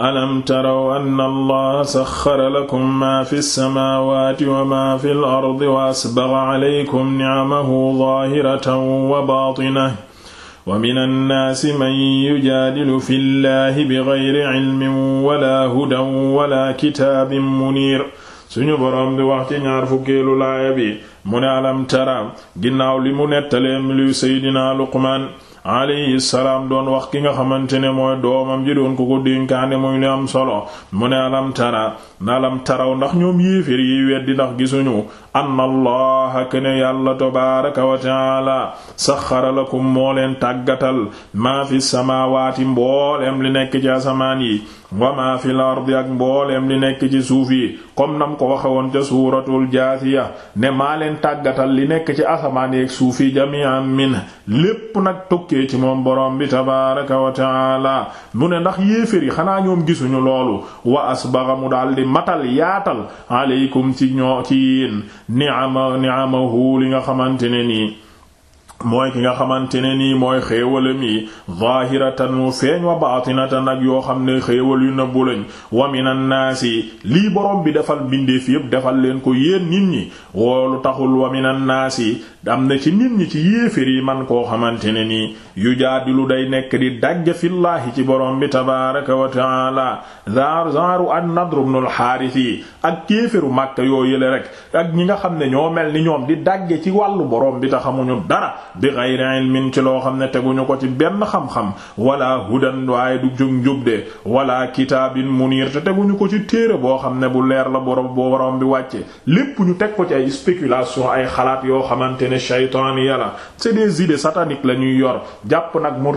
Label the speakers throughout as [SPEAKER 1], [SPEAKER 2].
[SPEAKER 1] alam taraw anna allaha saxxara lakum maa fi samaawaati wa maa fi l ardi wa asbagha alaykum nicamahu zaahiratan wa baatinatan wa mina nnaasi man yujaadilu fi llahi bighayri cilmin wala hudan wala kitaabin muniir suñu boroom bi wax ci ñaar fukkeelu laaya bi mu ne alam tara ginnaaw li mu nettalee mi luy seydinaa Luqmaan alayhi salaam doon wax ki nga xamante ne mooy doomam ji doon ko ko dénkaane muy lu am solo mu ne alam tara alam taraw ndax ñoom yéefér yiy weddi ndax gisuñu anna allaha kene yàlla tabaraka wa taala saxara lakum moo leen tàggatal maa fi samaawaati mbooleem li nekk ci asamaan yi wa fi fil ardi ak mbooleem li nekk ci suuf yi comme nam ko waxe woon ca suuratul jaasiya ne maa leen tàggatal li nekk ci asamaan yeeg suuf yi jami'an min lépp nag tukkee ci moom borom bi tabaaraka wa taala mu ne ndax yéefér yi xanaa ñoom gisuñu loolu wa asbaga mu daal di matal yaatal aleykum ci ñoo ci yéen ni'ama ni'amahu li nga xamante ne nii mooy ki nga xamante ne nii mooy xéewalam yi zaahiratan mu feeñ wa baatinatan ak yoo xam ne xéewal yu nëbbu lañ wa minan naasi lii borom bi defal mbindeef yépp defal leen ko yéen nit ñi woolu taxul wa minan naasi am na ci nit ñi ci yéefér yi man koo xamante ne nii yu jaadilu day nekk di dajja fillaahi ci boroom bi tabaaraka wa taala zaar zaaru an nadru ibnul xaaris yi ak kéeféru màkka yoo yële rek ak ñi nga xam ne ñoo mel ni ñoom di dajje ci wàllu borom bi ta xamuñu dara bi ghayri ilmin ci loo xam ne teguñu ko ci benn xam-xam wala hudan waaye du jub de wala kitaabin muniir te teguñu ko ci téere boo xam ne bu leer la borom borom bi wàcce lépp ñu teg ko ci ay spéculation ay xalaat yoo xamante ne shaytaani yàlla c'est des idées sataniques la yor jàpp nag mu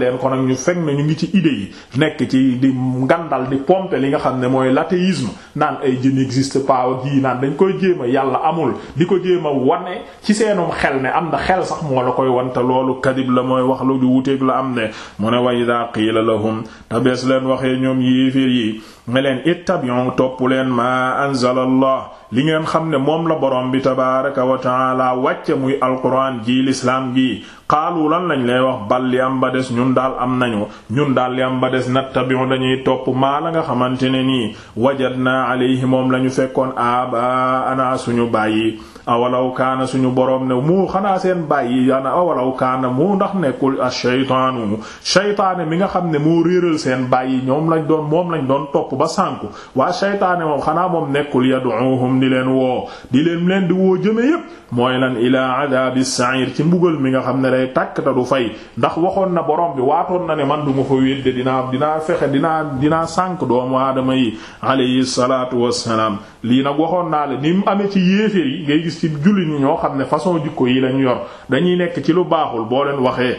[SPEAKER 1] leen ko nag ñu fekk na ñu ngi ci idées yi nekk ci di ngandal di pomper li nga xam ne mooy l'athéisme naan ay jën n'existe pas gi naan dañ koy jéem yàlla amul di ko jéem a wane ci seenum xel ne am na xel sax moo la koy wante loolu kadib la mooy wax lu di wuteeg la am ne mu ne wa idha qila lahum tabees leen waxee ñoom yéeféer yi ne leen ittabi'u topp leen maa anzalallah li ngeen xam ne moom la borom bi tabaaraka wa taala wàcce muy alquran ji lislaam gi xaalu lan lañ lay wax bal li am ba des ñun daal am nañu ñun daal li am ba des nattabi'u dañuy topp maa la nga xamante ne nii wajadna alayhi moom la ñu fekkoon aaba ana suñu bàyyi awalaw kaana suñu boroom ne mu xanaa seen bàyyi yana awalaw kaana mu ndax nekkul ash-shaytaanu shaytaane mi nga xam ne moo réeral seen bàyyi ñoom lañ doon moom lañ doon topp ba sànku waa shaytaane moom xanaa moom nekkul yad'uuhum di leen woo di leen leen di woo jëme yëpp mooy lan ilaa adaabi sa'ir ci mbugal mi nga xam ne day takk te du ndax waxoon na borom bi waatoon na ne man du ma fa wedde dinaa dinaa fexe dinaa dinaa sànk doomu aadama yi alayhi salaatu wassalaam lii nag waxoon naa la ni mu ci yéeféer yi ngay gis ci jullit ñi ñoo xam ne façon jikko yi lañu yor dañuy nekk ci lu baaxul boo leen waxee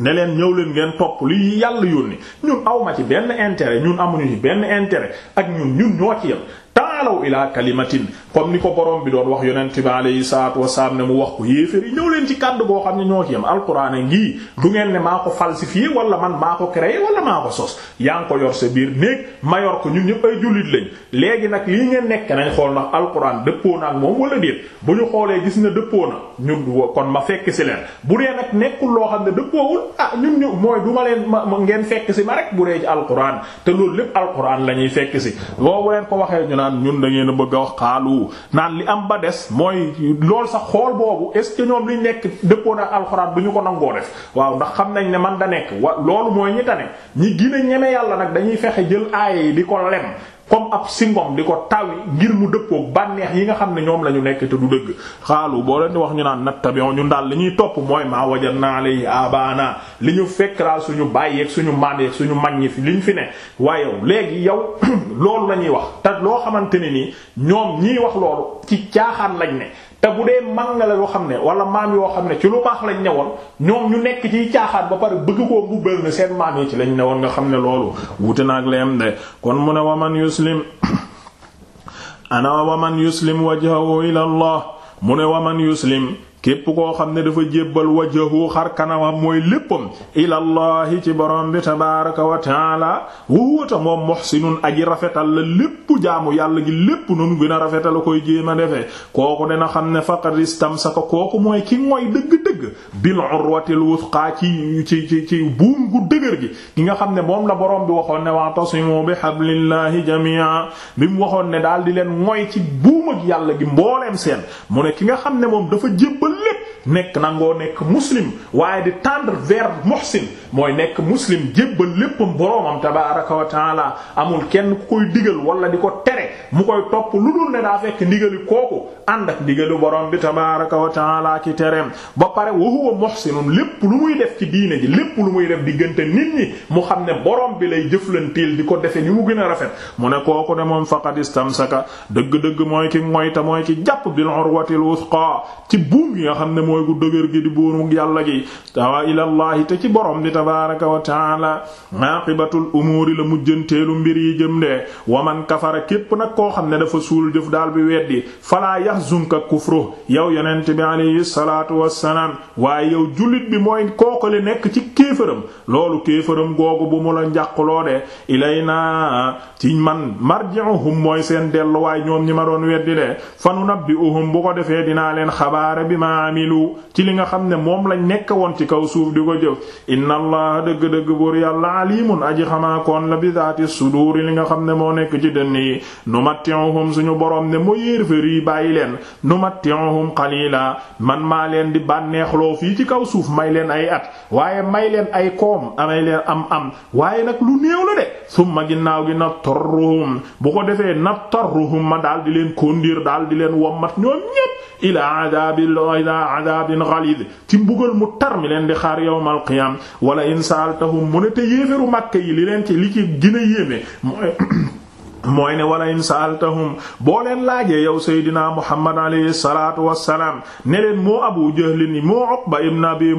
[SPEAKER 1] ne leen ñëw leen ngeen topp li yàlla yónni ñun awma ci benn intérêt ñun amuñu ci benn intérêt ak ñun ñun ñoo ci yam taalaw ilaa kalimatin ko borom bi doon wax yonent bi alayhi salaatu wasalaam ne leen ci kàddu goo xam ne ñoo ci yam alquran ngii du ngeen ne maa ko falsifié wala wala maa ko sos yaa ngi ko yor sa biir néeg ma yor ko ñun ñëpp ay jullit lañ léegi nag lii ngeen nekk nañ xool ndax alquran dëppoo na ak moom wala déet bu ñu xoolee gis na dëppoo na ñun kon ma fekk si leen bu dee nag nekkul loo xam ne dëppoowul ah ñun ñu mooy du ma leen ma ngeen fekk si ma rek bu dee ci alquran te loolu lépp alquran la ñuy fekk si boo leen ko waxee ñu naan yéen da ngeen a bëgg a wax xaalu naan li am ba des mooy lool sa xool boobu est ce que ñoom liñ nekk dëppoo na alxuraan bu ñu ko nangoo def waaw ndax xam nañ ne man da nekk wa loolu mooy ñi tane ñi gën a yàlla nag dañuy fexe jël aaya yi di ko lem ab singom di ko tawi ngir mu dëppook bànneex yi nga xam ne ñoom la ñu nekk te du dëgg xaalu boo leen di wax ñu naan nattabi'u ñun daal li ñuy topp mooy maa wajadna alayhi abana li ñu fekk suñu bàyyeeg suñu mandeeg suñu mag ñi li ñu fi ne waaye léegi yow loolu la ñuy wax te loo xamante ne nii ñoom ñiy wax loolu ci caaxaan lañ ne te bu dee mag nga la yoo xam ne wala maam yoo xam ne ci lu baax lañ ne woon ñoom ñu nekk ciy caaxaan ba pare bëgg koo mbubbal ne seen maam yi ci lañ ne woon nga xam ne loolu wuute naa ak leem muslim ana wa man yuslim wajhahu ila allah mu ne wa yuslim képp koo xam ne dafa jébbal wajahu xar kanamam mooy léppam ilallahi ci borom bi tabaraka wa taala wuwata moom muhsinun aji rafetal la lépp jaamu yàlla gi lépp nun gën a rafetal la koy jéem a defee kooku dina xam ne faqad istamsaka kooku mooy ki mooy dëgg-dëgg bil urwatil wuthqa ci ci ci ci buum gu dëgër gi gi nga xam ne moom la borom bi waxoon ne wa'tasimu bi hablillahi jami'a bi mu waxoon ne daal di leen mooy ci buum ak yàlla gi mbooleem seen mu ne ki nga xam ne moom dafa jébbal nekk nangoo nekk muslim waaye di tendre vers muhsin mooy nekk muslim jébbal léppam boroomam tabaaraka wa taala amul kenn ku koy digal wala di ko tere mu koy topp lu dul ne daa fekk ndigali kooku ànd ak ndigalu borom bi tabaaraka wa taala ki tereem ba pare wa huwa muhsinun lépp lu muy def ci diine ji lépp lu muy def diggante nit ñi mu xam ne borom bi lay jëflantiil di ko defe ni mu gën a rafet mu ne kooku ne moom faqad istamsaka dëgg-dëgg mooy ki moyta mooy ki jàpp mooy ku dëgër gi di buurug yàlla gi tawa ilallaahi te ci borom bi tabaraka wa taala la mujjanteelu mbir yi jëm de waman kafara képp nag koo ne dafa suul jëf daal bi weddi falaa yahzunka kufru yow yonent bi alayhi salaatu wassalaam waaye yow jullit bi mooy kookale nekk ci kéefëram loolu kéefëram googu bu mu la njàqloo de ilayna ci man marji'uhum mooy seen delluwaay ñoom ñi ma doon weddi de fanunabbi'uhum bu ko defee dinaa leen xabaare bi ma amilu yiw ci li nga xam ne moom la nekk woon ci kaw suuf di ko jëf inna allah dëgg-dëgg buur yàlla alimun aji xamaakoon la bi daati suduur li nga xam ne moo nekk ci dënn yi numatti'uhum suñu boroom ne moo yéefar yi bàyyi leen numatti'uhum qalila man maa leen di bànneexloo fii ci kaw suuf may leen ay at waaye may leen ay koom amay leen am am waaye nag lu néew la de summa ginnaaw gi nattarruhum bu ko defee nattarruhum ma daal di leen kondir daal leen wommat ñoom adabin ghalid ci mbugal mu tar mi leen di xaar yawmal qiyam wala in saaltahum mu ne te yéeféru màkk yi li leen ci li ci gën yéeme mooy ne wala in saaltahum boo leen laajee yow seydina muhammad alayhi salaatu wassalaam ne leen moo abu jahlin moo uqba ibn abi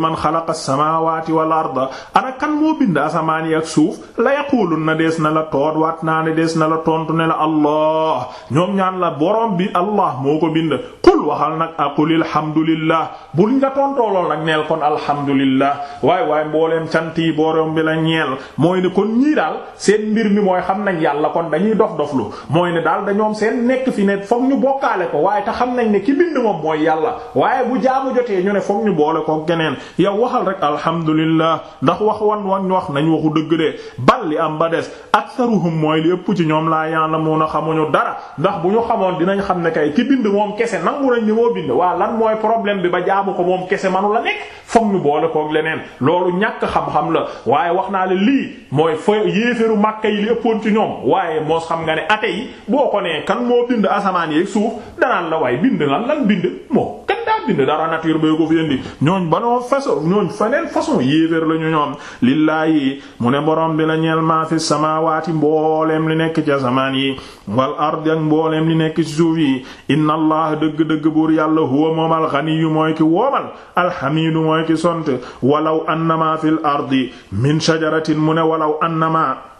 [SPEAKER 1] man xalaqa samaawaati wal arda ana kan moo bind asamaan yi ak suuf la yaqulun na na la toot waat naa ne dees na la tontu ne la allah ñoom ñaan la borom bi allah moo ko bind qul waxal nag aqulil hamdulillah bul nga tontoo lool nag neel kon alhamdulillah waay waay mbooleem cant yi borom bi la ñeel mooy ne kon ñii daal seen mbir mi mooy xam nañ yàlla kon dañuy dof lu mooy ne daal dañoom seen nekk fi ne fokk ñu bokkaale ko waaye te xam nañ ne ki bind mooy yàlla waaye bu jaamu jotee ñu ne fokk ñu boole ko geneen yow waxal rek alhamdulillah ndax wax wan wan wax nañ waxu dëgg de bal li am ba des aktharuhum mooy li ëpp ci ñoom laa ya'lamuna xamuñu dara ndax bu ñu xamoon dinañ xam ne kay ki bind moom kese nangu nangu nañ ne waa lan mooy problème bi ba jaamu ko moom kese manu la nekk foog ñu boole kook leneen loolu ñàkk xam-xam la waaye wax naa la lii mooy fa yéeféru Makka yi li ëppoon ci ñoom waaye moos xam nga ne ate yi boo ko nee kan moo bind asamaan yeeg suuf danaan la way bind lan lan bind moo bind dara nature bee ko fi indi ñooñ banoo façon lillaahi mu ne borom bina la ñeel maa fi samaawaati mbooleem li nekk ca samaan yi wal ard ak nekk ci suuf yi inna allah dëgg-dëgg buur yàlla huwa moom alxaniyu mooy ki woomal alxamiidu mooy ki sont walaw annama fil ardi min shajaratin mu ne walaw annama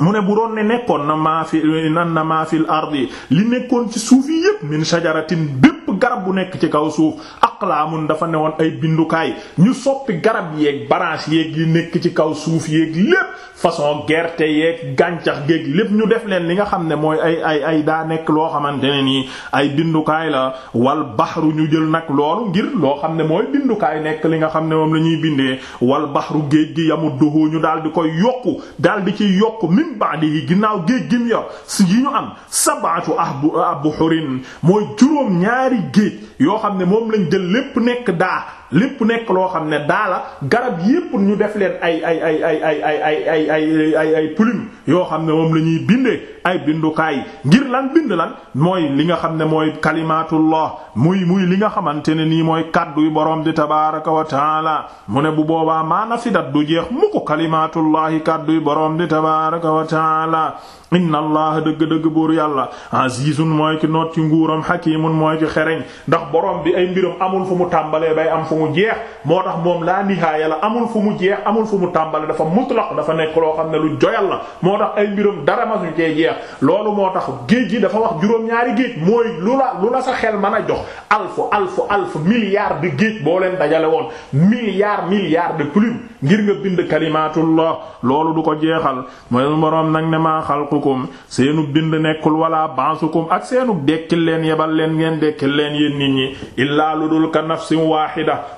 [SPEAKER 1] mu ne bu doon ne nekkoon na maa fi nan na maa fil ardi li nekkoon ci suuf yi yépp min shajaratin bépp garab bu nekk ci kaw suuf aqlaamun dafa ne woon ay bindukaay ñu soppi garab yeeg branche yeeg yi nekk ci kaw suuf yeeg lépp façon gerte yeeg gàncax géej lépp ñu def leen li nga xam ne mooy ay ay ay daa loo xamante ne nii ay bindukaay la wal baxru ñu jël nag loolu ngir loo xam ne mooy bindukaay nekk li nga xam ne moom la ñuy bindee wal baxru géej gi yamu doxoo ñu daal di koy yokk daal di ciy yokku min ba'di yi ginnaaw géej gi mu yor si yi ñu am sab'atu ahbu ahbu hurin mooy juróom ñaari géej yoo xam ne moom lañ jël lépp nekk daa lépp nekk loo xam ne daala garab yépp ñu def leen ay ay ay ay ay ay ay ay ay ay plume yoo xam ne moom la ñuy bindee ay bindukaay ngir lan bind lan mooy li nga xam ne mooy kalimatullah muy muy li nga xamante ne nii mooy kaddu yu borom di tabaaraka wa taala mu ne bu boobaa maana fidat du jeex mu ko kalimatullahi kaddu yu borom di tabaaraka wa taala inna allah dëgg-dëgg buur yàlla azizun mooy ki noot ci nguuram hakimun mooy ki xereñ ndax borom bi ay mbiram amul fu mu tàmbalee fu mu jeex moo tax moom laa nihaaya la amul fu mu jeex amul fu mu tàmbale dafa mutlaq dafa nekk loo xam ne lu joyal la moo tax ay mbiram dara ma suñu cee jeex loolu moo tax géej gi dafa wax juróom-ñaari géej mooy lu la lu la sa xel mën a jox alfu alfu alfu milliards de géej boo leen dajale woon milliards milliards de plumes ngir nga bind kalimatullah loolu du ko jeexal mooy boroom nag ne maa xalqukum seenu bind nekkul wala bansukum ak seenu dekkil leen yebal leen ngeen dekkil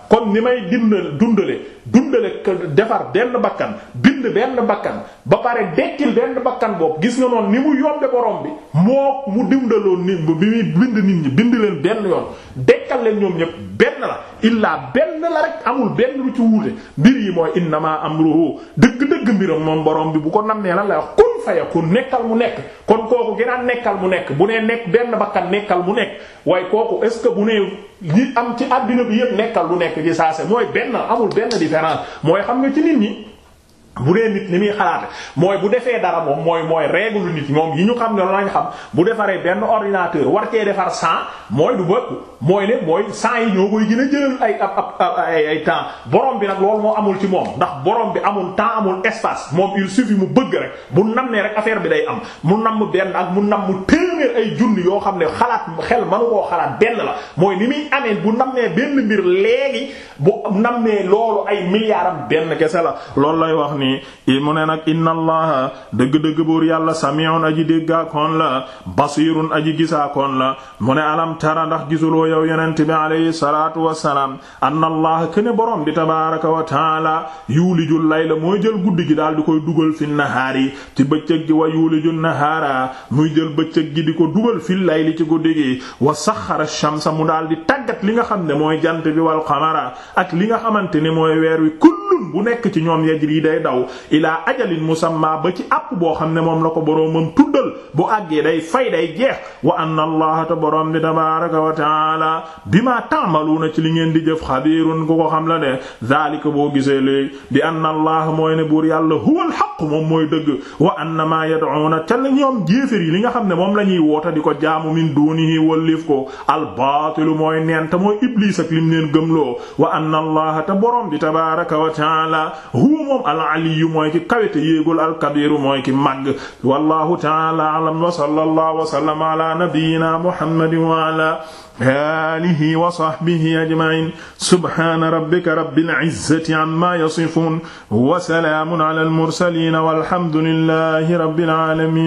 [SPEAKER 1] kon ni may dindal dundale dundale defar benn bakkan bind benn bakkan ba pare dekkil benn bakkan boobu gis nga noonu ni mu yombe borom bi moo mu dundaloon nit bi muy bind nit ñi bind leen benn yoon dekkal leen ñoom ñépp benn la illaa benn la rek amul benn lu ci wuute mbir yi mooy innama amruhu dëgg-dëgg mbiram moom borom bi bu ko namee nammee la lay wax fayakun nekkal mu nekk kon kooku gënaan nekkal mu nekk bu nee nekk benn bakkan nekkal mu nekk waaye kooku est ce que bu nee li am ci àddina bi yëpp nekkal lu nekk ci saase mooy benn amul benn différence mooy xam nga ci nit ñi. bu dee nit ni muy xalaate mooy bu defee dara moom mooy mooy règle nit moom yi ñu xam ne lañ xam bu defaree benn ordinateur war cee defar cent mooy du bëgg mooy ne mooy cent yi ñoo koy gën a jëlal ay ab ay temps borom bi nag loolu moo amul ci moom ndax borom bi amul temps amul espace moom il suffit mu bëgg rek bu nam ne rek affaire bi day am mu nam benn ak mu nam mu téeméer ay junni yoo xam ne xalaat xel manu koo xalaat benn la mooy ni muy amee bu nam nee benn mbir léegi bu nam nee loolu ay milliards am benn la loolu lay wax nii mu ne nag inna allaha dëgg-dëgg buur yàlla sami'un aji déggaakoon la basirun aji gisaakoon la mu ne alam tara ndax gisuloo yow yonent bi alayhi salatu wassalaam anna allaha këne borom bi tabaraka wa taala yuulijul layla mooy jël guddi gi daal di koy dugal fi nahaari ci bëccëg gi wa yuulijul nahaara muy jël bëccëg gi di ko dugal fil layli ci guddi gi wa saxara shamsa mu daal di tàggat li nga xam ne mooy jant bi wal qamara ak li nga xamante ne mooy weer wi kul kullun bu nekk ci ñoom yajri day daw ilaa ajalin musamma ba ci àpp boo xam ne moom la ko boroomam tuddal bu àggee day fay day jeex wa anna allaha te boroom bi tabaraka wa taala ma ta'maluna ci li ngeen di jëf xabirun ku ko xam la ne zalika boo gisee léegi bi anna allaha mooy ne buur yàlla huwal haqq moom mooy dëgg wa anna ma yad'una ca la ñoom jéefér yi li nga xam ne moom lañuy ñuy woota di ko jaamu min dunihi wallif ko al mooy neen mooy iblis wa anna allaha te boroom bi tabaraka ta'ala huwa moom al-aliyyu mooy ki kawete yéegul al-kabiru mooy ki màgg wallahu ta'ala a'lam wa sallallahu wa sallama ala nabiyyina muhammadin wa ala alihi wa sahbihi ajma'in subhana rabbika rabbil izzati amma yasifun wa salamun ala al-mursalin walhamdulillahi rabbil alamin